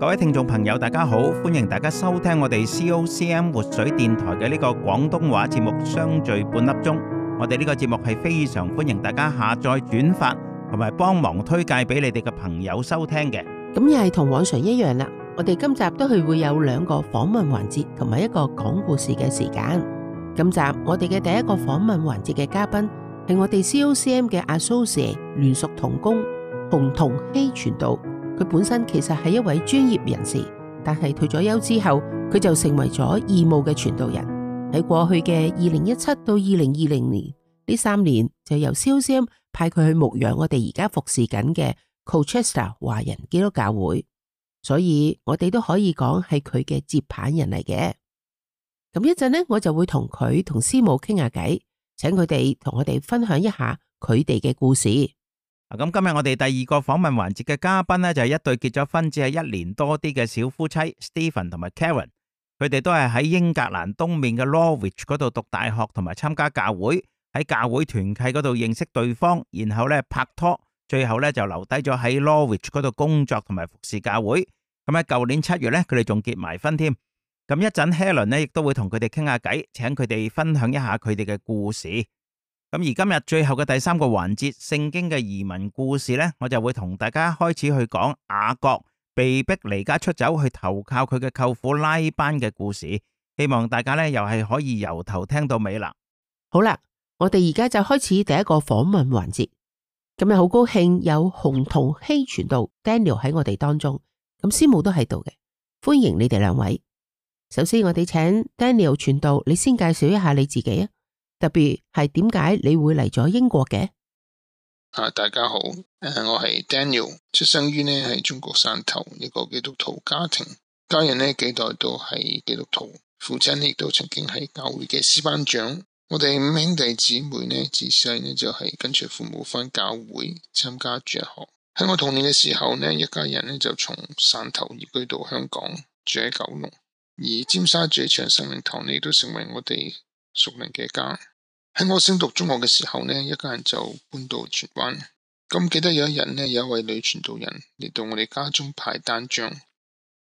各位聽眾朋友，大家好，歡迎大家收聽我哋 COCM 活水電台嘅呢個廣東話節目《相聚半粒鐘》。我哋呢個節目係非常歡迎大家下載、轉發同埋幫忙推介俾你哋嘅朋友收聽嘅。咁又係同往常一樣啦。我哋今集都係會有兩個訪問環節同埋一個講故事嘅時間。今集我哋嘅第一個訪問環節嘅嘉賓係我哋 COCM 嘅 Associate 聯屬同工洪同希傳道。佢本身其實係一位專業人士，但係退咗休之後，佢就成為咗義務嘅傳道人。喺過去嘅二零一七到二零二零年呢三年，就由 COCM 派佢去牧養我哋而家服侍緊嘅 Colchester 華人基督教會，所以我哋都可以講係佢嘅接棒人嚟嘅。咁一陣呢，我就會同佢同師母傾下偈，請佢哋同我哋分享一下佢哋嘅故事。咁今日我哋第二個訪問環節嘅嘉賓咧，就係一對結咗婚只係一年多啲嘅小夫妻 Steven 同埋 Karen，佢哋都係喺英格蘭東面嘅 Norwich 嗰度讀大學，同埋參加教會喺教會團契嗰度認識對方，然後咧拍拖，最後咧就留低咗喺 Norwich 嗰度工作同埋服侍教會。咁喺舊年七月咧，佢哋仲結埋婚添。咁一陣 Helen 咧，亦都會同佢哋傾下偈，請佢哋分享一下佢哋嘅故事。咁而今日最後嘅第三個環節，聖經嘅移民故事呢，我就會同大家開始去講雅各被逼離家出走去投靠佢嘅舅父拉班嘅故事。希望大家呢又係可以由頭聽到尾啦。好啦，我哋而家就開始第一個訪問環節。今日好高興有洪同希傳道 Daniel 喺我哋當中，咁師母都喺度嘅，歡迎你哋兩位。首先我哋請 Daniel 傳道，你先介紹一下你自己啊。特別係點解你會嚟咗英國嘅？啊，大家好，誒，我係 Daniel，出生於咧係中國汕頭一個基督徒家庭，家人咧幾代都係基督徒，父親亦都曾經喺教會嘅詩班長。我哋五兄弟姊妹咧自細咧就係跟住父母返教會參加主日學。喺我童年嘅時候咧，一家人咧就從汕頭移居到香港，住喺九龍，而尖沙咀長聖靈堂呢都成為我哋熟人嘅家。喺我升讀中學嘅時候呢，一家人就搬到荃灣。咁記得有一日呢，有一位女傳道人嚟到我哋家中派單張。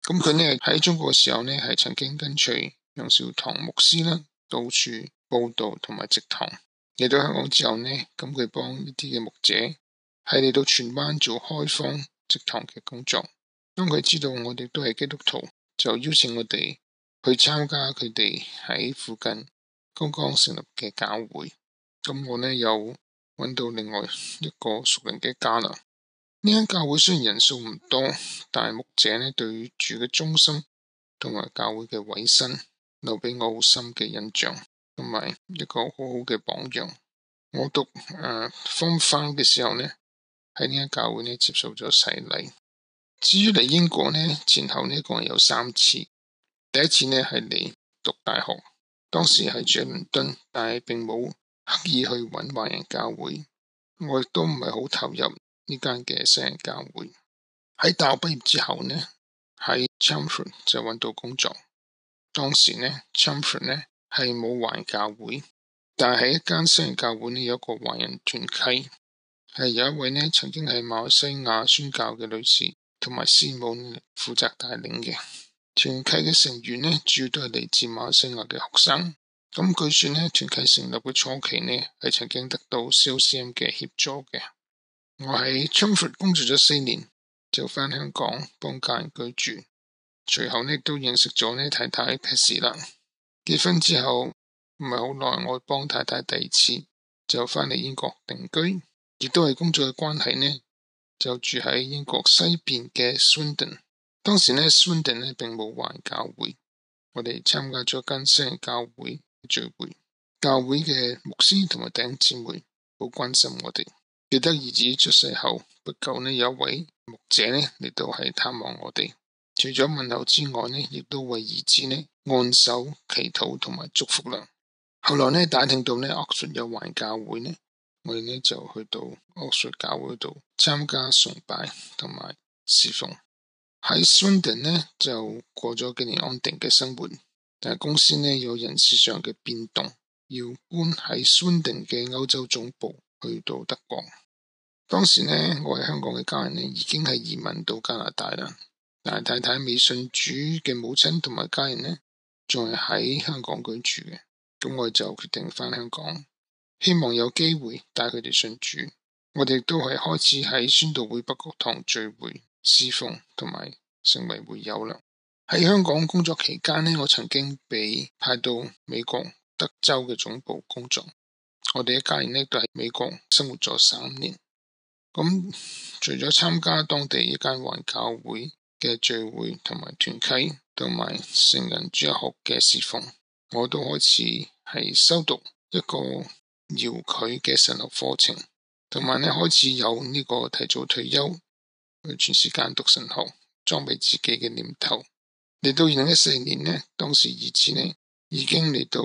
咁佢呢喺中國嘅時候呢，係曾經跟隨楊小棠牧師啦，到處佈道同埋植堂。嚟到香港之後呢，咁佢幫呢啲嘅牧者係嚟到荃灣做開荒植堂嘅工作。當佢知道我哋都係基督徒，就邀請我哋去參加佢哋喺附近。剛剛成立嘅教會，咁我呢又揾到另外一個熟人嘅家啦。呢間教會雖然人數唔多，但係牧者呢對住嘅忠心同埋教會嘅委身留俾我好深嘅印象，同埋一個好好嘅榜樣。我讀誒、呃、方翻嘅時候呢，喺呢間教會呢接受咗洗禮。至於嚟英國呢前後呢共有三次，第一次呢係嚟讀大學。當時係住倫敦，但係並冇刻意去揾華人教會，我亦都唔係好投入呢間嘅西人教會。喺大學畢業之後呢，喺 Champford 就揾到工作，當時呢 Champford 呢係冇華人教會，但係一間西人教會呢有一個華人團契，係有一位呢曾經係馬來西亞宣教嘅女士同埋師母負責帶領嘅。團契嘅成員咧，主要都係嚟自馬來西亞嘅學生。咁據説咧，團契成立嘅初期咧，係曾經得到 COCM 嘅協助嘅。我喺沖繩工作咗四年，就返香港幫家人居住。隨後咧都認識咗呢太太嘅事啦。結婚之後唔係好耐，我幫太太第二次就返嚟英國定居，亦都係工作嘅關係呢就住喺英國西邊嘅 Swindon。當時呢，宣定呢，並冇華教會。我哋參加咗一間西人教會聚會，教會嘅牧師同埋丁姊妹好關心我哋。記得兒子出世後不久呢，有一位牧者呢，嚟到係探望我哋，除咗問候之外呢，亦都為兒子呢，按手祈禱同埋祝福啦。後來呢，打聽到呢，奧順有華教會呢，我哋呢就去到奧順教會度參加崇拜同埋侍奉。喺瑞典呢，就過咗幾年安定嘅生活，但係公司呢，有人事上嘅變動，要搬喺瑞典嘅歐洲總部去到德國。當時呢，我喺香港嘅家人咧已經係移民到加拿大啦，但係太太未信主嘅母親同埋家人呢，仲係喺香港居住嘅，咁我就決定返香港，希望有機會帶佢哋信主。我哋都係開始喺宣道會北角堂聚會。侍奉同埋成為會友啦。喺香港工作期間呢，我曾經被派到美國德州嘅總部工作。我哋一家人呢都喺美國生活咗三年。咁除咗參加當地一間華人教會嘅聚會同埋團契、同埋成人主學嘅侍奉，我都開始係修讀一個遙距嘅神學課程，同埋咧開始有呢個提早退休。去全時間讀神學，裝備自己嘅念頭。嚟到二零一四年呢，當時兒子呢已經嚟到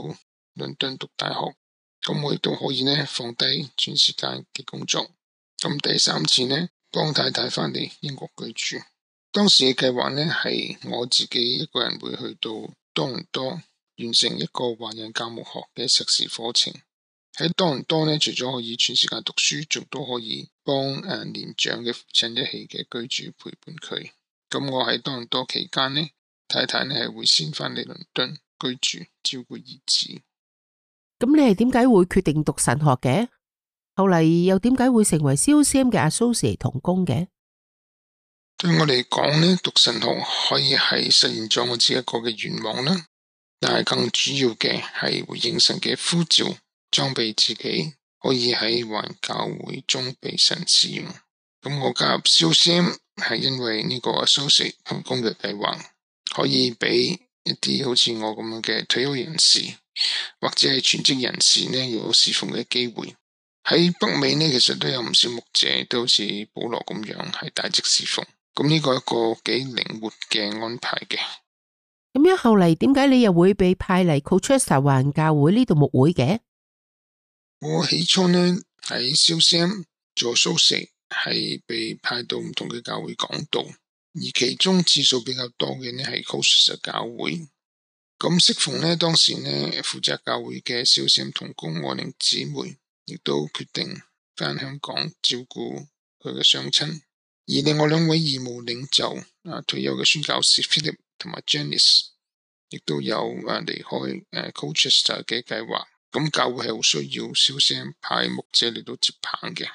倫敦讀大學，咁我亦都可以呢放低全時間嘅工作。咁第三次呢，幫太太返嚟英國居住。當時嘅計劃呢，係我自己一個人會去到多倫多，完成一個華人教牧學嘅碩士課程。喺多倫多呢，除咗可以全時間讀書，仲都可以。幫誒年長嘅父親一起嘅居住陪伴佢。咁我喺多倫多期間呢，太太呢係會先翻嚟倫敦居住照顧兒子。咁你係點解會決定讀神學嘅？後嚟又點解會成為 COCM 嘅阿 ssociate 同工嘅？對我嚟講呢，讀神學可以係實現咗我自己一個嘅願望啦，但係更主要嘅係回應神嘅呼召，裝備自己。可以喺環教會中被神使用。咁我加入 COCM 係因為呢個 COCM 聯屬同工嘅計劃，可以俾一啲好似我咁樣嘅退休人士或者係全職人士呢，有侍奉嘅機會。喺北美呢，其實都有唔少牧者都好似保羅咁樣係帶職侍奉。咁呢個係一個幾靈活嘅安排嘅。咁樣後嚟點解你又會被派嚟科切薩環教會，木會呢度牧會嘅？我起初呢喺 COCM 做蘇軾，係被派到唔同嘅教會講道，而其中次數比較多嘅呢係 Colchester 教會。咁適逢呢當時呢負責教會嘅 COCM 同工愛玲姊妹，亦都決定翻香港照顧佢嘅雙親，而另外兩位義務領袖啊退休嘅宣教師 Philip 同埋 Janice，亦都有啊離開誒 Colchester 嘅計劃。咁教會係好需要小聲派牧者嚟到接棒嘅。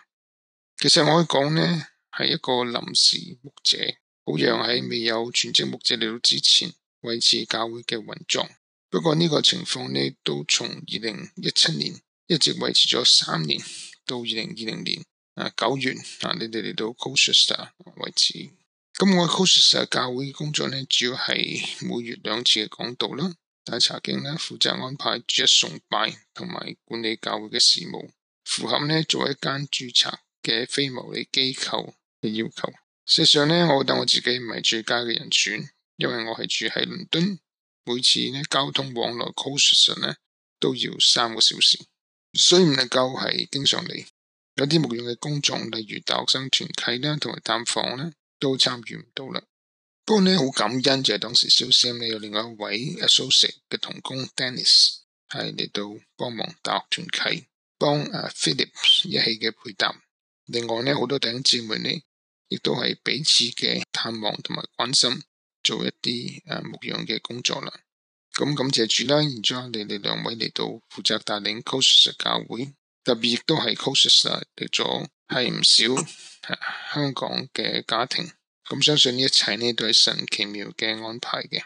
其實我可以講呢，係一個臨時牧者，好讓喺未有全職牧者嚟到之前維持教會嘅運作。不過呢個情況呢，都從二零一七年一直維持咗三年，到二零二零年啊九月啊，你哋嚟到 Coastal 為止。咁我喺 Coastal 教會工作呢，主要係每月兩次嘅講道啦。大查經咧，負責安排主日崇拜同埋管理教會嘅事務，符合呢，作為一間註冊嘅非牟利機構嘅要求。事實上呢，我覺得我自己唔係最佳嘅人選，因為我係住喺倫敦，每次咧交通往來 cost 咧都要三個小時，所以唔能夠係經常嚟。有啲目用嘅工作，例如大學生團契咧同埋探訪咧，都參與唔到啦。不過呢，好感恩就係、是、當時肖 Sir 有另外一位 associate 嘅同工 Dennis 係嚟到幫忙大學團契，幫阿 Philip 一起嘅配搭。另外呢好多弟兄姊妹呢，亦都係彼此嘅探望同埋關心，做一啲誒牧養嘅工作啦。咁感謝主啦，然之後你哋兩位嚟到負責帶領 Cultus 教會，特別亦都係 Cultus 嚟咗係唔少香港嘅家庭。咁相信呢一切呢都係神奇妙嘅安排嘅，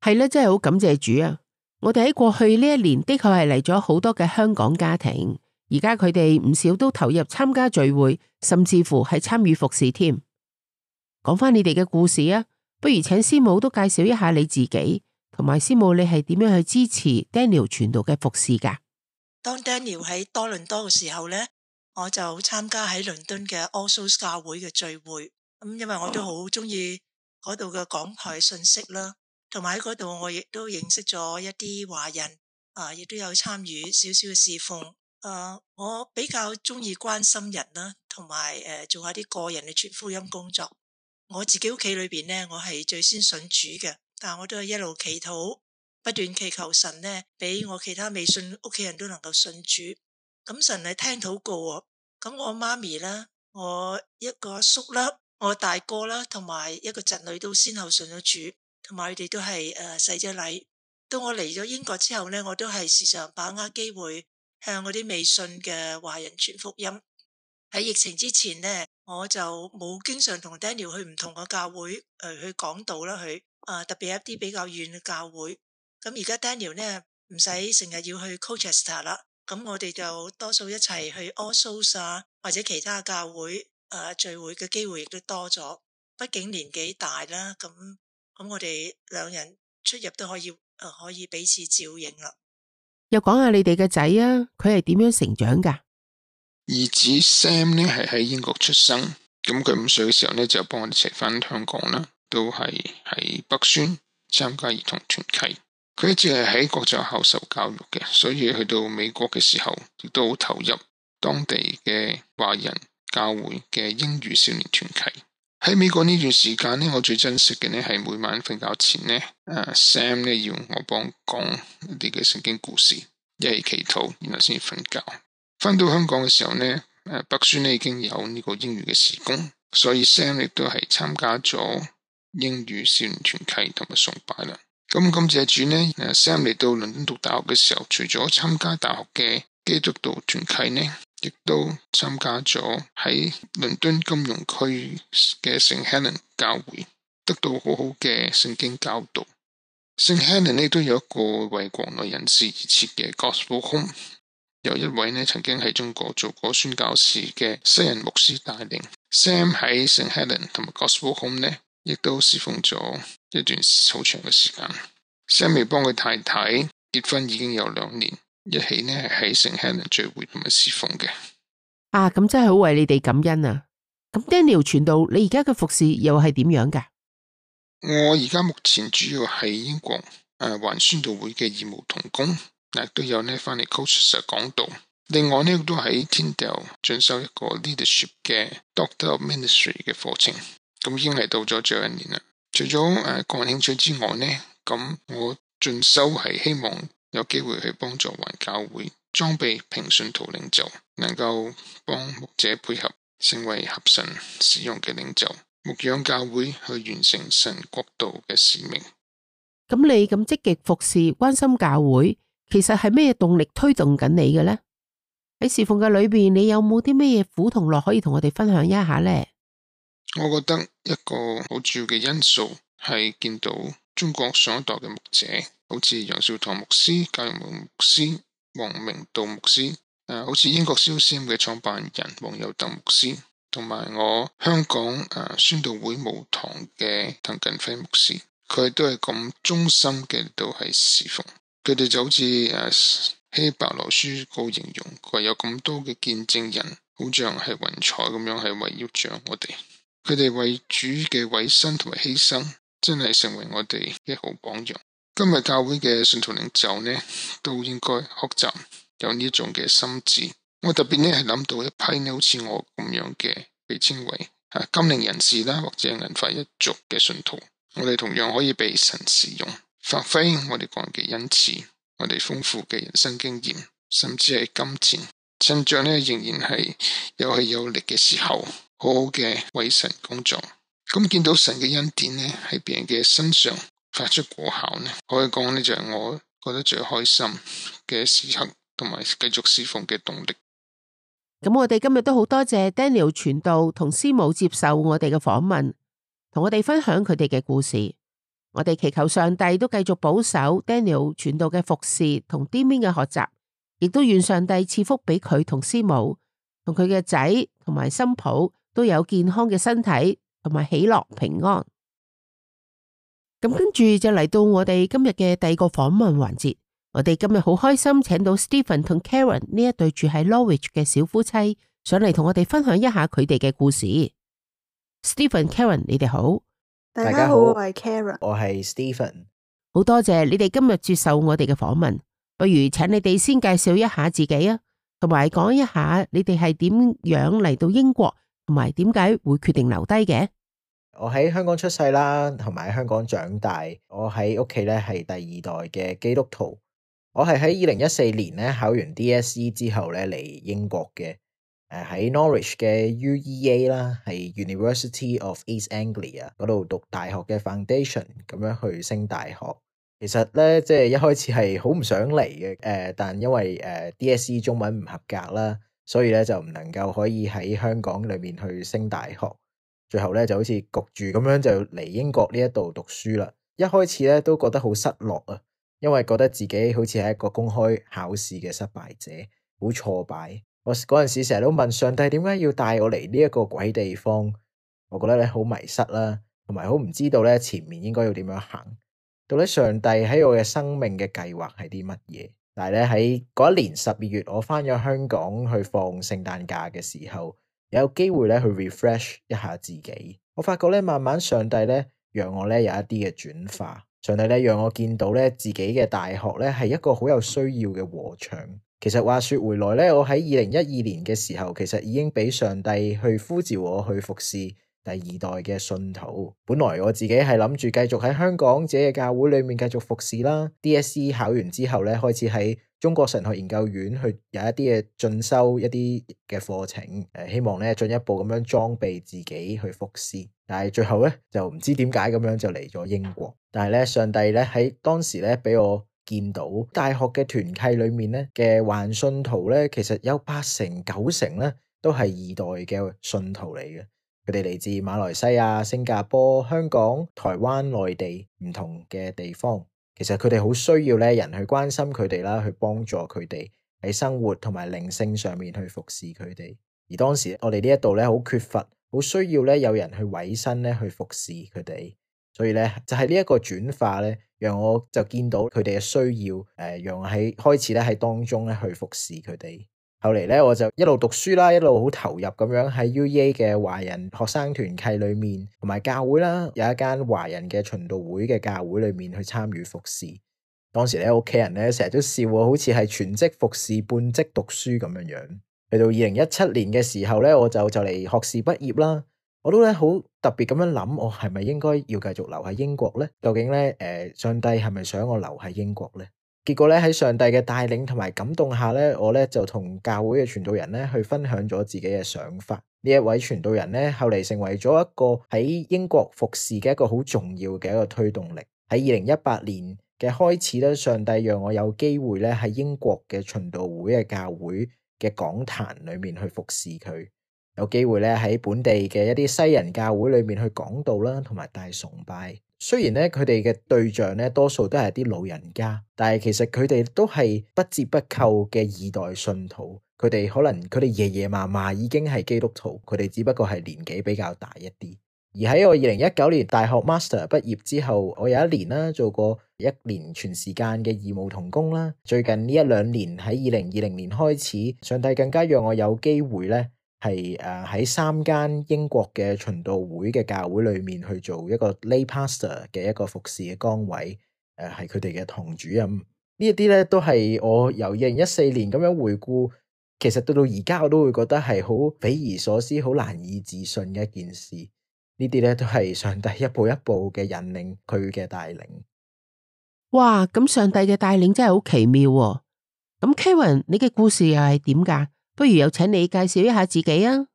係啦，真係好感謝主啊！我哋喺過去呢一年的確係嚟咗好多嘅香港家庭，而家佢哋唔少都投入參加聚會，甚至乎係參與服侍添。講翻你哋嘅故事啊，不如請師母都介紹一下你自己，同埋師母你係點樣去支持 Daniel 傳道嘅服侍噶？當 Daniel 喺多倫多嘅時候呢，我就參加喺倫敦嘅 All Souls 教會嘅聚會。咁因為我都好中意嗰度嘅港台信息啦，同埋喺嗰度我亦都認識咗一啲華人啊，亦都有參與少少嘅侍奉。誒、啊，我比較中意關心人啦，同埋誒做下啲個人嘅傳福音工作。我自己屋企裏邊呢，我係最先信主嘅，但係我都係一路祈禱，不斷祈求神呢，俾我其他未信屋企人都能夠信主。咁神係聽禱告喎，咁我媽咪啦，我一個叔啦。我大哥啦，同埋一個侄女都先後信咗主，同埋佢哋都係誒洗咗禮。到我嚟咗英國之後咧，我都係時常把握機會向嗰啲未信嘅華人傳福音。喺疫情之前咧，我就冇經常同 Daniel 去唔同嘅教會誒、呃、去講道啦，去啊特別一啲比較遠嘅教會。咁而家 Daniel 咧，唔使成日要去 Colchester 啦，咁我哋就多數一齊去 All Souls 啊或者其他教會。啊！聚會嘅機會亦都多咗，畢竟年紀大啦，咁咁我哋兩人出入都可以，誒、呃、可以彼此照應啦。又講下你哋嘅仔啊，佢係點樣成長㗎？兒子 Sam 呢係喺英國出生，咁佢五歲嘅時候呢，就幫我哋一齊翻香港啦，都係喺北宣參加兒童團契。佢一直係喺國際校受教育嘅，所以去到美國嘅時候亦都好投入當地嘅華人教會嘅英語少年團契。喺美國呢段時間咧，我最珍惜嘅咧係每晚瞓覺前咧，誒、啊、Sam 咧要我幫我講一啲嘅聖經故事，一係祈禱，然後先瞓覺。返到香港嘅時候咧、啊，北宣咧已經有呢個英語嘅時工，所以 Sam 亦都係參加咗英語少年團契同埋崇拜啦。咁感謝主咧、啊、，Sam 嚟到倫敦讀大學嘅時候，除咗參加大學嘅基督徒團契咧。亦都參加咗喺倫敦金融區嘅聖 Helen 教會，得到好好嘅聖經教導。聖 Helen 亦都有一個為國內人士而設嘅 Gospel Home，有一位呢曾經喺中國做過宣教士嘅西人牧師帶領。Sam 喺聖 Helen 同埋 Gospel Home 呢，亦都侍奉咗一段好長嘅時間。Sam 幫佢太太結婚已經有兩年。一起呢，喺聖亨利聚會同埋侍奉嘅啊，咁真係好為你哋感恩啊！咁 Daniel 傳道，你而家嘅服侍又係點樣㗎？我而家目前主要喺英國誒，環、啊、宣道會嘅義務同工，但、啊、都有呢翻嚟 COCM 講道。另外呢，都喺 Tindale 進修一個 Leadership 嘅 Doctor of Ministry 嘅課程。咁、嗯、已經嚟到咗最後一年啦。除咗誒個人興趣之外呢，咁、啊、我進修係希望。有機會去幫助環教會裝備平信徒領袖，能夠幫牧者配合成為合神使用嘅領袖，牧養教會去完成神國度嘅使命。咁你咁積極服侍，關心教會，其實係咩嘢動力推動緊你嘅呢？喺侍奉嘅裏邊，你有冇啲咩嘢苦同樂可以同我哋分享一下呢？我覺得一個好重要嘅因素係見到中國上一代嘅牧者。好似楊少棠牧師、教友牧師王明道牧師，誒、啊，好似英國燒仙嘅創辦人黃友德牧師，同埋我香港誒、啊、宣道會牧堂嘅滕近輝牧師，佢哋都係咁忠心嘅都係侍奉，佢哋就好似誒希伯羅書嘅形容，佢有咁多嘅見證人，好像係雲彩咁樣係圍繞着我哋，佢哋為主嘅委身同埋犧牲，真係成為我哋嘅好榜樣。今日教會嘅信徒領袖呢，都應該學習有呢一種嘅心志。我特別呢係諗到一批呢，好似我咁樣嘅，被稱為、啊、金齡人士啦，或者銀髮一族嘅信徒，我哋同樣可以被神使用，發揮我哋個人嘅恩賜，我哋豐富嘅人生經驗，甚至係金錢，趁著呢仍然係有氣有力嘅時候，好好嘅為神工作。咁見到神嘅恩典呢，喺別人嘅身上，發出果效呢，我可以講呢就係我覺得最開心嘅時刻，同埋繼續事奉嘅動力。咁我哋今日都好多謝 Daniel 傳道同師母接受我哋嘅訪問，同我哋分享佢哋嘅故事。我哋祈求上帝都繼續保守 Daniel 傳道嘅服侍同啲面嘅學習，亦都願上帝賜福俾佢同師母，同佢嘅仔同埋新抱都有健康嘅身體同埋喜樂平安。咁跟住就嚟到我哋今日嘅第二個訪問環節。我哋今日好開心，請到 Steven 同 Karen 呢一對住喺 Norwich 嘅小夫妻上嚟，同我哋分享一下佢哋嘅故事。Steven、Karen，你哋好，大家好，我係 Karen，我係 Steven，好多謝你哋今日接受我哋嘅訪問。不如請你哋先介紹一下自己啊，同埋講一下你哋係點樣嚟到英國，同埋點解會決定留低嘅？我喺香港出世啦，同埋喺香港長大。我喺屋企咧係第二代嘅基督徒。我係喺二零一四年咧考完 DSE 之後咧嚟英國嘅。誒，喺 Norwich 嘅 UEA 啦，係 University of East Anglia 嗰度讀大學嘅 Foundation，咁樣去升大學。其實咧即係一開始係好唔想嚟嘅。誒，但因為誒 DSE 中文唔合格啦，所以咧就唔能夠可以喺香港裏面去升大學。最後咧就好似焗住咁樣就嚟英國呢一度讀書啦。一開始咧都覺得好失落啊，因為覺得自己好似係一個公開考試嘅失敗者，好挫敗。我嗰陣時成日都問上帝點解要帶我嚟呢一個鬼地方。我覺得咧好迷失啦，同埋好唔知道咧前面應該要點樣行。到底上帝喺我嘅生命嘅計劃係啲乜嘢？但係咧喺嗰一年十二月我翻咗香港去放聖誕假嘅時候。有機會咧去 refresh 一下自己，我發覺咧慢慢上帝咧讓我咧有一啲嘅轉化，上帝咧讓我見到咧自己嘅大學咧係一個好有需要嘅禾場。其實話說回來咧，我喺二零一二年嘅時候，其實已經俾上帝去呼召我去服侍第二代嘅信徒。本來我自己係諗住繼續喺香港自己嘅教會裡面繼續服侍啦。DSE 考完之後咧，開始喺中國神學研究院去有一啲嘅進修一啲嘅課程，誒，希望咧進一步咁樣裝備自己去服事，但係最後咧就唔知點解咁樣就嚟咗英國。但係咧，上帝咧喺當時咧俾我見到大學嘅團契裡面咧嘅患信徒咧，其實有八成九成咧都係二代嘅信徒嚟嘅，佢哋嚟自馬來西亞、新加坡、香港、台灣、內地唔同嘅地方。其實佢哋好需要咧，人去關心佢哋啦，去幫助佢哋喺生活同埋靈性上面去服侍佢哋。而當時我哋呢一度咧，好缺乏，好需要咧，有人去委身咧去服侍佢哋。所以咧，就係呢一個轉化咧，讓我就見到佢哋嘅需要，誒，讓我喺開始咧喺當中咧去服侍佢哋。後嚟咧，我就一路讀書啦，一路好投入咁樣喺 UEA 嘅華人學生團契裏面，同埋教會啦，有一間華人嘅循道會嘅教會裏面去參與服侍。當時咧，屋企人咧成日都笑我，好似係全職服侍半職讀書咁樣樣。去到二零一七年嘅時候咧，我就就嚟學士畢業啦，我都咧好特別咁樣諗，我係咪應該要繼續留喺英國咧？究竟咧，誒、呃，上帝係咪想我留喺英國咧？結果咧喺上帝嘅帶領同埋感動下咧，我咧就同教會嘅傳道人咧去分享咗自己嘅想法。呢一位傳道人咧後嚟成為咗一個喺英國服侍嘅一個好重要嘅一個推動力。喺二零一八年嘅開始咧，上帝讓我有機會咧喺英國嘅循道會嘅教會嘅講壇裏面去服侍佢，有機會咧喺本地嘅一啲西人教會裏面去講道啦，同埋大崇拜。雖然咧，佢哋嘅對象咧，多數都係啲老人家，但係其實佢哋都係不折不扣嘅二代信徒。佢哋可能佢哋爺爺嫲嫲已經係基督徒，佢哋只不過係年紀比較大一啲。而喺我二零一九年大學 master 畢業之後，我有一年啦，做過一年全時間嘅義務同工啦。最近呢一兩年喺二零二零年開始，上帝更加讓我有機會咧。係誒，喺三間英國嘅循道會嘅教會裏面去做一個 lay pastor 嘅一個服侍嘅崗位，誒，係佢哋嘅堂主任。呢一啲咧都係我由二零一四年咁樣回顧，其實到到而家我都會覺得係好匪夷所思，好難以置信嘅一件事。呢啲咧都係上帝一步一步嘅引領佢嘅帶領。哇！咁上帝嘅帶領真係好奇妙啊。咁 Karen，你嘅故事又係點噶？不如又請你介紹一下自己啊！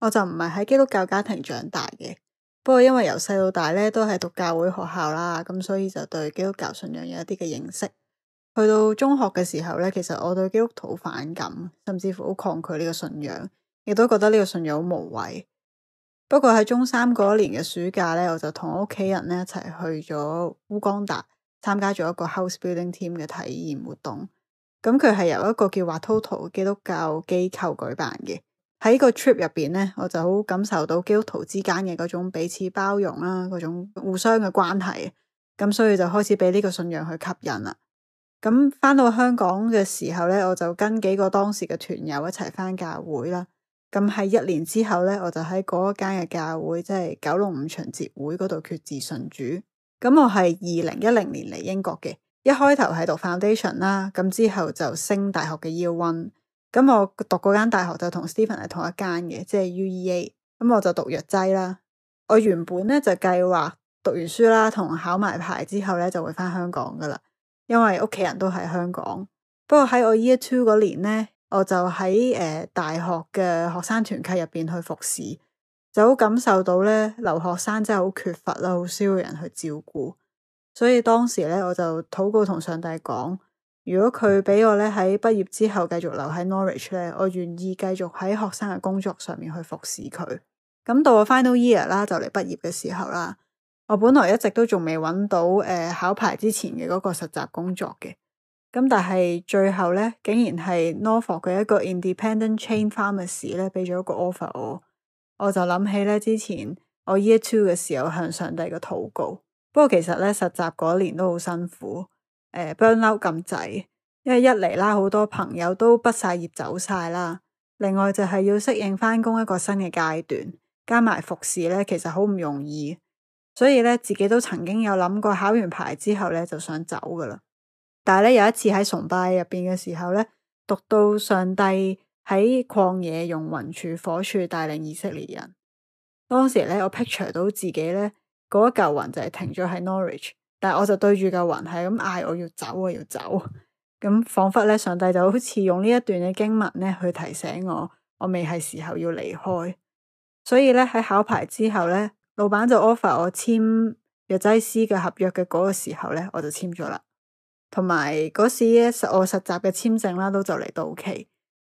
我就唔係喺基督教家庭長大嘅，不過因為由細到大咧都係讀教會學校啦，咁所以就對基督教信仰有一啲嘅認識。去到中學嘅時候咧，其實我對基督徒好反感，甚至乎好抗拒呢個信仰，亦都覺得呢個信仰好無謂。不過喺中三嗰一年嘅暑假咧，我就同屋企人咧一齊去咗烏干達，參加咗一個 House Building Team 嘅體驗活動。咁佢係由一個叫畫圖圖基督教機構舉辦嘅。喺個 trip 入邊咧，我就好感受到基督徒之間嘅嗰種彼此包容啦，嗰種互相嘅關係，咁所以就開始俾呢個信仰去吸引啦。咁翻到香港嘅時候咧，我就跟幾個當時嘅團友一齊翻教會啦。咁喺一年之後咧，我就喺嗰一間嘅教會，即係九龍五旬節會嗰度決志信主。咁我係二零一零年嚟英國嘅。一開頭係讀 foundation 啦，咁之後就升大學嘅 year one，咁我讀嗰間大學就同 Steven 係同一間嘅，即係 UEA，咁我就讀藥劑啦。我原本咧就計劃讀完書啦，同考埋牌之後咧就會翻香港噶啦，因為屋企人都喺香港。不過喺我 year two 嗰年咧，我就喺誒、呃、大學嘅學生團契入邊去服侍，就好感受到咧，留學生真係好缺乏啦，好需要人去照顧。所以當時咧，我就禱告同上帝講，如果佢俾我咧喺畢業之後繼續留喺 Norwich 咧，我願意繼續喺學生嘅工作上面去服侍佢。咁到我 final year 啦，就嚟畢業嘅時候啦，我本來一直都仲未揾到誒、呃、考牌之前嘅嗰個實習工作嘅。咁但係最後咧，竟然係 Norfolk 嘅一個 Independent Chain Pharmacy 咧俾咗一個 offer 我，我就諗起咧之前我 Year Two 嘅時候向上帝嘅禱告。不過其實咧，實習嗰年都好辛苦，誒 burnout 咁滯，因為一嚟啦，好多朋友都畢晒業走晒啦，另外就係要適應返工一個新嘅階段，加埋服侍咧，其實好唔容易，所以咧自己都曾經有諗過，考完牌之後咧就想走噶啦。但係咧有一次喺崇拜入邊嘅時候咧，讀到上帝喺曠野用雲柱火柱帶領以色列人，當時咧我 picture 到自己咧。嗰一嚿雲就係停咗喺 Norwich，但係我就對住嚿雲係咁嗌，我要走，我要走，咁彷彿咧上帝就好似用呢一段嘅經文咧去提醒我，我未係時候要離開。所以咧喺考牌之後咧，老闆就 offer 我簽藥劑師嘅合約嘅嗰個時候咧，我就簽咗啦。同埋嗰時咧實我實習嘅簽證啦都就嚟到期，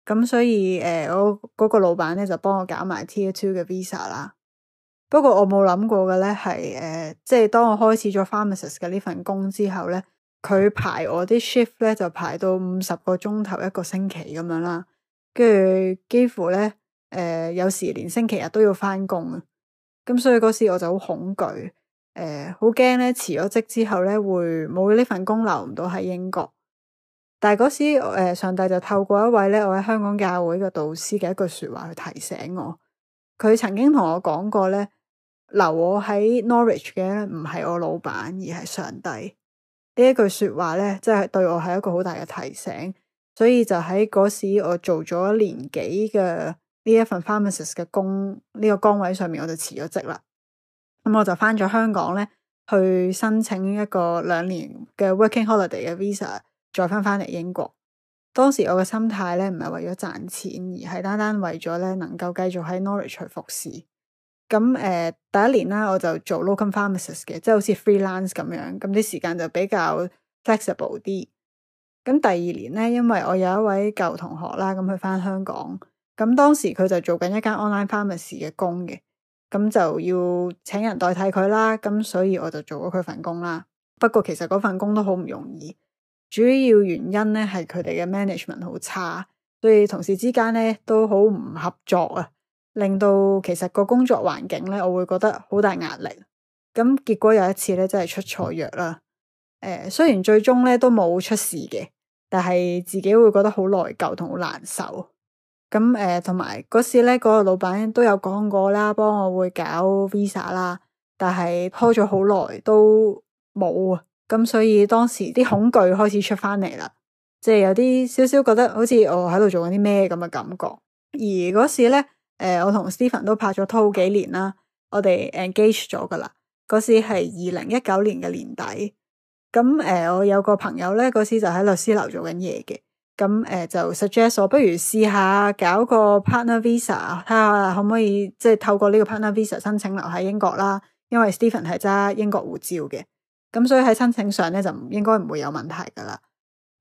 咁所以誒、呃、我嗰、嗰個老闆咧就幫我搞埋 Tier Two 嘅 Visa 啦。不過我冇諗過嘅咧係誒，即係當我開始咗 pharmacist 嘅呢份工之後咧，佢排我啲 shift 咧就排到五十個鐘頭一個星期咁樣啦，跟住幾乎咧誒、呃，有時連星期日都要返工啊，咁所以嗰時我就好恐懼，誒、呃，好驚咧辭咗職之後咧會冇呢份工留唔到喺英國，但係嗰時誒、呃，上帝就透過一位咧我喺香港教會嘅導師嘅一句說話去提醒我，佢曾經同我講過咧。留我喺 Norwich 嘅唔係我老闆，而係上帝。呢一句說話咧，真係對我係一個好大嘅提醒。所以就喺嗰時，我做咗年幾嘅呢一份 pharmacist 嘅工，呢、這個崗位上面我就辭咗職啦。咁、嗯、我就翻咗香港咧，去申請一個兩年嘅 working holiday 嘅 visa，再翻翻嚟英國。當時我嘅心態咧，唔係為咗賺錢，而係單單為咗咧能夠繼續喺 Norwich 去服侍。咁誒，第一年咧，我就做 local pharmacist 嘅，即係好似 freelance 咁樣，咁啲時間就比較 flexible 啲。咁第二年呢，因為我有一位舊同學啦，咁佢翻香港，咁當時佢就做緊一間 online pharmacist 嘅工嘅，咁就要請人代替佢啦，咁所以我就做咗佢份工啦。不過其實嗰份工都好唔容易，主要原因呢係佢哋嘅 management 好差，所以同事之間呢都好唔合作啊。令到其實個工作環境咧，我會覺得好大壓力。咁結果有一次咧，真係出錯藥啦。誒、呃，雖然最終咧都冇出事嘅，但係自己會覺得好內疚同好難受。咁誒，同埋嗰時咧，嗰個老闆都有講過啦，幫我會搞 visa 啦，但係拖咗好耐都冇啊。咁所以當時啲恐懼開始出返嚟啦，即係有啲少少覺得好似我喺度做緊啲咩咁嘅感覺。而嗰時咧。誒、呃，我同 Steven 都拍咗拖好幾年啦，我哋 engage 咗噶啦，嗰時係二零一九年嘅年底。咁誒、呃，我有個朋友咧，嗰時就喺律師樓做緊嘢嘅，咁誒、呃、就 suggest 我，不如試下搞個 partner visa，睇下可唔可以即係透過呢個 partner visa 申請留喺英國啦。因為 Steven 係揸英國護照嘅，咁所以喺申請上咧就唔應該唔會有問題噶啦。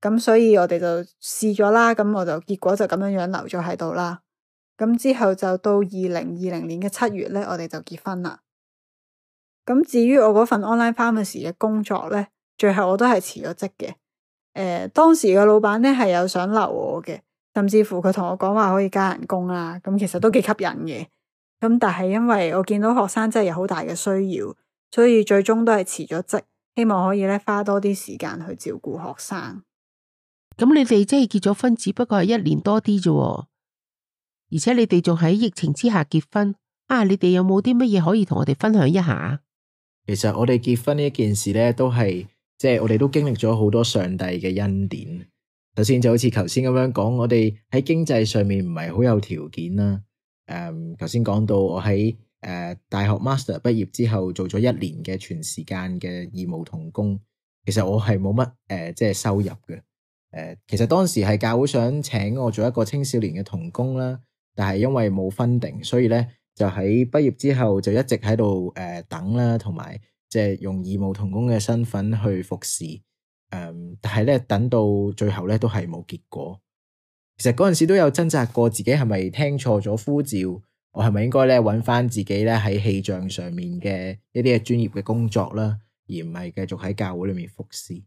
咁所以我哋就試咗啦，咁我就結果就咁樣樣留咗喺度啦。咁之後就到二零二零年嘅七月咧，我哋就結婚啦。咁至於我嗰份 online pharmacy 嘅工作咧，最後我都係辭咗職嘅。誒、呃，當時個老闆咧係有想留我嘅，甚至乎佢同我講話可以加人工啊。咁其實都幾吸引嘅。咁但係因為我見到學生真係有好大嘅需要，所以最終都係辭咗職，希望可以咧花多啲時間去照顧學生。咁你哋即係結咗婚，只不過係一年多啲啫。而且你哋仲喺疫情之下結婚啊！你哋有冇啲乜嘢可以同我哋分享一下？其實我哋結婚呢一件事呢，都係即係我哋都經歷咗好多上帝嘅恩典。首先就好似頭先咁樣講，我哋喺經濟上面唔係好有條件啦。誒、嗯，頭先講到我喺誒、呃、大學 master 畢業之後做咗一年嘅全時間嘅義務同工，其實我係冇乜誒即係收入嘅。誒、呃，其實當時係教會想請我做一個青少年嘅同工啦。但係因為冇分定，所以咧就喺畢業之後就一直喺度誒等啦，同埋即係用義務同工嘅身份去服侍。誒、嗯。但係咧等到最後咧都係冇結果。其實嗰陣時都有掙扎過自己係咪聽錯咗呼召，我係咪應該咧揾翻自己咧喺氣象上面嘅一啲嘅專業嘅工作啦，而唔係繼續喺教會裏面服侍。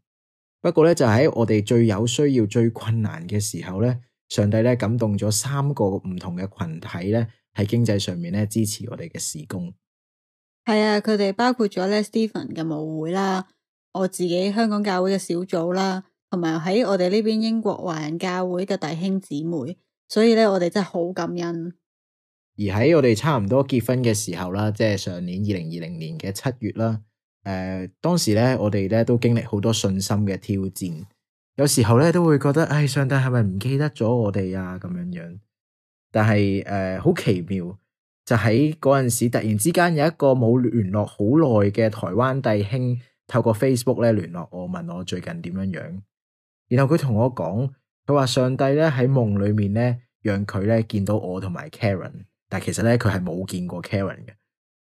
不過咧就喺我哋最有需要、最困難嘅時候咧。上帝咧感動咗三個唔同嘅群體咧，喺經濟上面咧支持我哋嘅事工。係啊，佢哋包括咗咧 Steven 嘅母會啦，我自己香港教會嘅小組啦，同埋喺我哋呢邊英國華人教會嘅弟兄姊妹。所以咧，我哋真係好感恩。而喺我哋差唔多結婚嘅時候啦，即係上年二零二零年嘅七月啦。誒、呃，當時咧，我哋咧都經歷好多信心嘅挑戰。有時候咧都會覺得，唉、哎，上帝係咪唔記得咗我哋啊？咁樣樣，但係誒，好、呃、奇妙，就喺嗰陣時突然之間有一個冇聯絡好耐嘅台灣弟兄，透過 Facebook 咧聯絡我，問我最近點樣樣。然後佢同我講，佢話上帝咧喺夢裡面咧，讓佢咧見到我同埋 Karen，但其實咧佢係冇見過 Karen 嘅。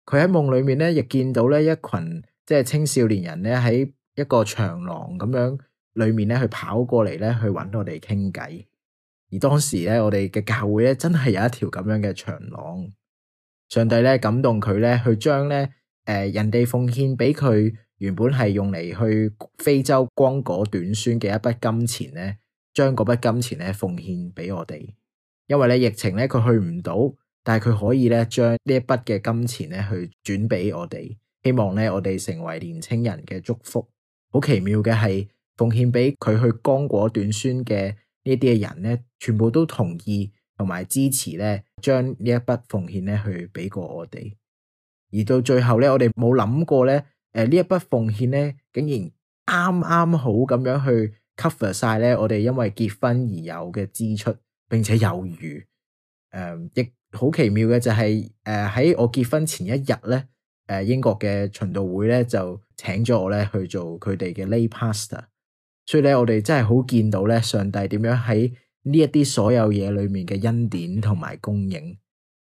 佢喺夢裡面咧亦見到咧一群即係青少年人咧喺一個長廊咁樣。裏面咧去跑過嚟，咧去揾我哋傾偈。而當時咧我哋嘅教會咧真係有一條咁樣嘅長廊，上帝咧感動佢咧去將咧，誒人哋奉獻俾佢原本係用嚟去非洲光果短宣嘅一筆金錢咧，將嗰筆金錢咧奉獻俾我哋，因為咧疫情咧佢去唔到，但係佢可以咧將呢一筆嘅金錢咧去轉俾我哋，希望咧我哋成為年青人嘅祝福。好奇妙嘅係。奉獻俾佢去剛果短宣嘅呢啲嘅人咧，全部都同意同埋支持咧，將呢一筆奉獻咧去俾過我哋。而到最後咧，我哋冇諗過咧，誒、呃、呢一筆奉獻咧，竟然啱啱好咁樣去 cover 晒咧，我哋因為結婚而有嘅支出，並且有餘。誒、呃，亦好奇妙嘅就係、是，誒、呃、喺我結婚前一日咧，誒、呃、英國嘅循道會咧就請咗我咧去做佢哋嘅 lay pastor。所以咧，我哋真係好見到咧，上帝點樣喺呢一啲所有嘢裏面嘅恩典同埋供應，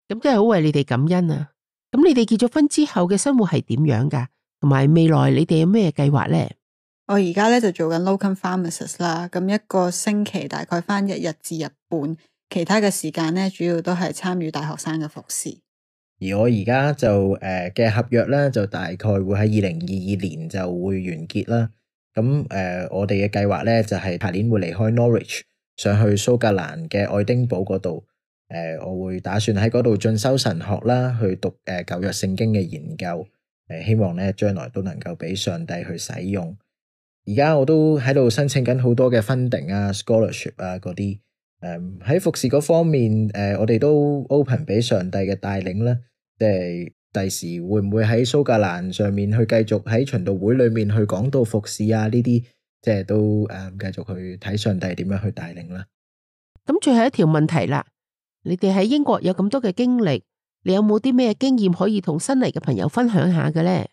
咁真係好為你哋感恩啊！咁你哋結咗婚之後嘅生活係點樣噶？同埋未來你哋有咩計劃咧？我而家咧就做緊 locum pharmacist 啦，咁一個星期大概翻一日，日至日半，其他嘅時間咧主要都係參與大學生嘅服侍。而我而家就誒嘅、呃、合約咧，就大概會喺二零二二年就會完結啦。咁誒、呃，我哋嘅計劃咧，就係、是、下年會離開 Norwich，上去蘇格蘭嘅愛丁堡嗰度。誒、呃，我會打算喺嗰度進修神學啦，去讀誒舊約聖經嘅研究。誒、呃，希望咧將來都能夠俾上帝去使用。而家我都喺度申請緊好多嘅 funding 啊、scholarship 啊嗰啲。誒，喺、呃、服侍嗰方面，誒、呃、我哋都 open 俾上帝嘅帶領啦。對。第時會唔會喺蘇格蘭上面去繼續喺循道會裏面去講道服侍啊？呢啲即係都誒、呃、繼續去睇上帝點樣去帶領啦。咁最後一條問題啦，你哋喺英國有咁多嘅經歷，你有冇啲咩經驗可以同新嚟嘅朋友分享下嘅呢？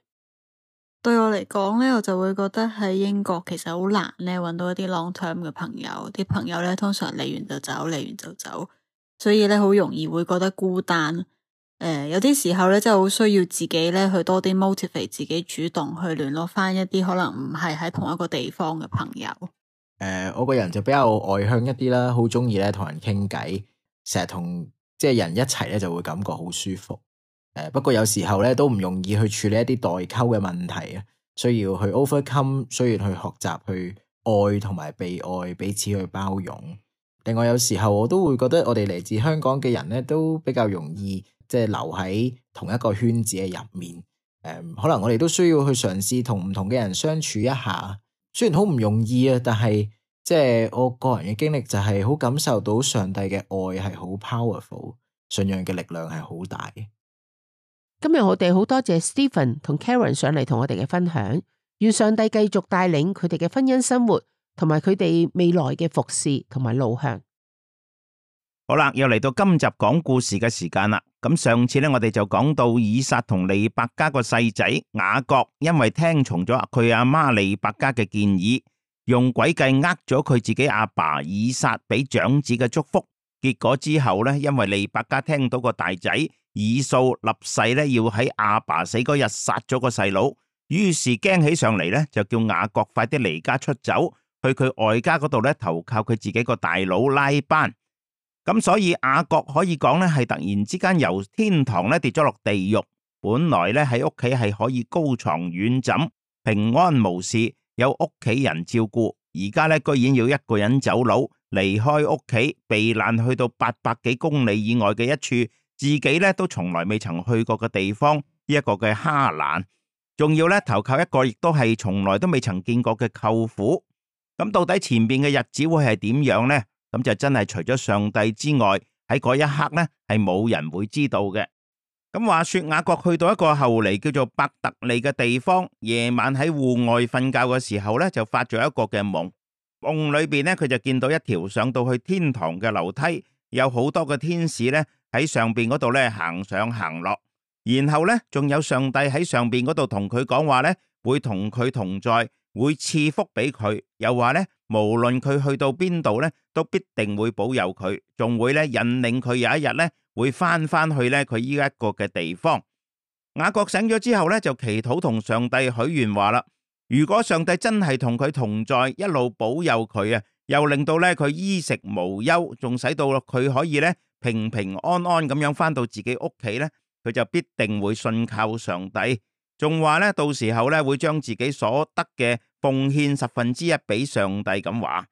對我嚟講呢，我就會覺得喺英國其實好難咧揾到一啲 long term 嘅朋友，啲朋友呢，通常嚟完就走，嚟完就走，所以呢，好容易會覺得孤單。誒，有啲時候咧，真係好需要自己咧去多啲 motivate 自己，主動去聯絡返一啲可能唔係喺同一個地方嘅朋友。誒、呃，我個人就比較外向一啲啦，好中意咧同人傾偈，成日同即係人一齊咧就會感覺好舒服。誒、呃，不過有時候咧都唔容易去處理一啲代溝嘅問題啊，需要去 overcome，需要去學習去愛同埋被愛，彼此去包容。另外，有時候我都會覺得我哋嚟自香港嘅人咧都比較容易。即係留喺同一個圈子嘅入面，um, 可能我哋都需要去嘗試同唔同嘅人相處一下。雖然好唔容易啊，但係即係我個人嘅經歷就係好感受到上帝嘅愛係好 powerful，信仰嘅力量係好大。今日我哋好多謝 Steven 同 Karen 上嚟同我哋嘅分享，願上帝繼續帶領佢哋嘅婚姻生活，同埋佢哋未來嘅服侍同埋路向。好啦，又嚟到今集講故事嘅時間啦。咁上次咧，我哋就講到以撒同利百加個細仔雅各，因為聽從咗佢阿媽利百加嘅建議，用詭計呃咗佢自己阿爸以撒俾長子嘅祝福，結果之後呢，因為利百加聽到個大仔以掃立誓，呢要喺阿爸死嗰日殺咗個細佬，於是驚起上嚟呢，就叫雅各快啲離家出走，去佢外家嗰度咧投靠佢自己個大佬拉班。咁所以雅各可以講咧，係突然之間由天堂咧跌咗落地獄。本來咧喺屋企係可以高床軟枕、平安無事，有屋企人照顧。而家咧居然要一個人走佬，離開屋企避難去到八百幾公里以外嘅一處，自己咧都從來未曾去過嘅地方。呢一個嘅哈蘭，仲要咧投靠一個亦都係從來都未曾見過嘅舅父。咁到底前邊嘅日子會係點樣呢？咁就真係除咗上帝之外，喺嗰一刻呢係冇人會知道嘅。咁話說，雅各去到一個後嚟叫做伯特利嘅地方，夜晚喺戶外瞓覺嘅時候呢，就發咗一個嘅夢。夢裏邊呢，佢就見到一條上到去天堂嘅樓梯，有好多嘅天使呢喺上邊嗰度呢行上行落，然後呢，仲有上帝喺上邊嗰度同佢講話，呢會同佢同在，會賜福俾佢，又話呢。無論佢去到邊度咧，都必定會保佑佢，仲會咧引領佢有一日咧會返返去咧佢依一個嘅地方。雅各醒咗之後咧，就祈禱同上帝許願話啦：如果上帝真係同佢同在，一路保佑佢啊，又令到咧佢衣食無憂，仲使到佢可以咧平平安安咁樣返到自己屋企咧，佢就必定會信靠上帝，仲話咧到時候咧會將自己所得嘅。奉獻十分之一俾上帝咁話，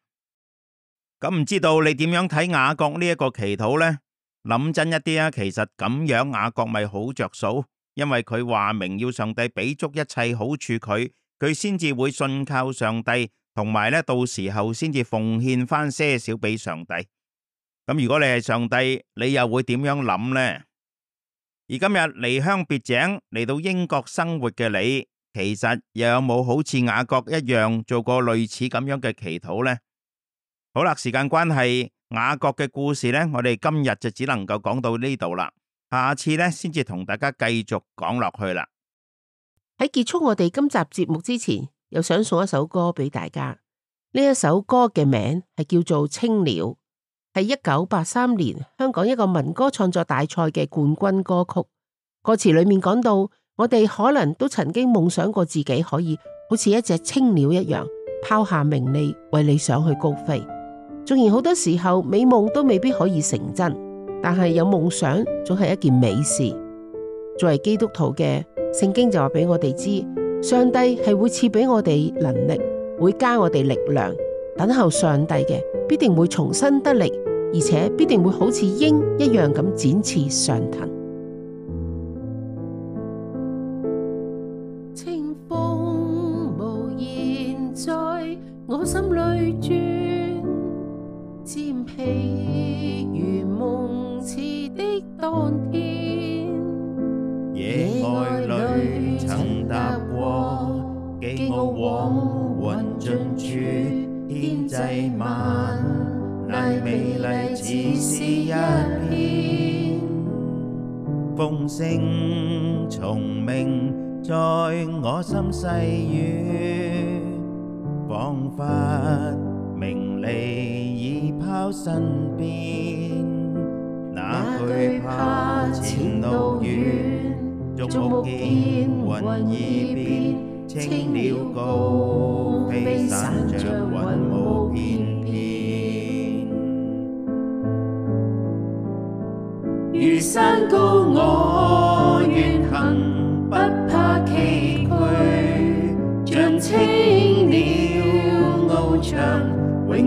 咁唔知道你點樣睇雅各呢一個祈禱呢？諗真一啲啊，其實咁樣雅各咪好着數，因為佢話明要上帝俾足一切好處佢，佢先至會信靠上帝，同埋呢，到時候先至奉獻翻些少俾上帝。咁如果你係上帝，你又會點樣諗呢？而今日離鄉別井嚟到英國生活嘅你。其實又有冇好似雅各一樣做過類似咁樣嘅祈禱呢？好啦，時間關係，雅各嘅故事呢，我哋今日就只能夠講到呢度啦。下次呢，先至同大家繼續講落去啦。喺結束我哋今集節目之前，又想送一首歌俾大家。呢一首歌嘅名係叫做《青鳥》，係一九八三年香港一個民歌創作大賽嘅冠軍歌曲。歌詞裏面講到，我哋可能都曾經夢想過自己可以好似一隻青鳥一樣，拋下名利，為理想去高飛。縱然好多時候美夢都未必可以成真，但係有夢想總係一件美事。作為基督徒嘅，聖經就話俾我哋知，上帝係會賜俾我哋能力，會加我哋力量。等候上帝嘅，必定會重新得力，而且必定會好似鷹一樣咁展翅上騰。風聲蟲鳴在我心細語，仿佛名利已拋身邊，哪懼怕前路遠，縱目見雲易變，青鳥高飛散着雲霧片片，遇山，山高我。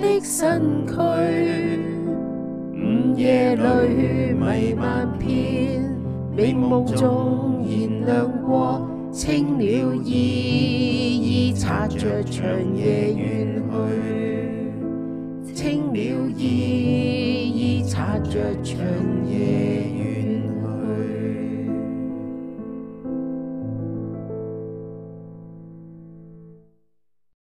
的身軀，午夜裏，迷漫遍，美夢縱然掠過，青鳥依依擦着長夜遠去，青鳥依依擦着長夜。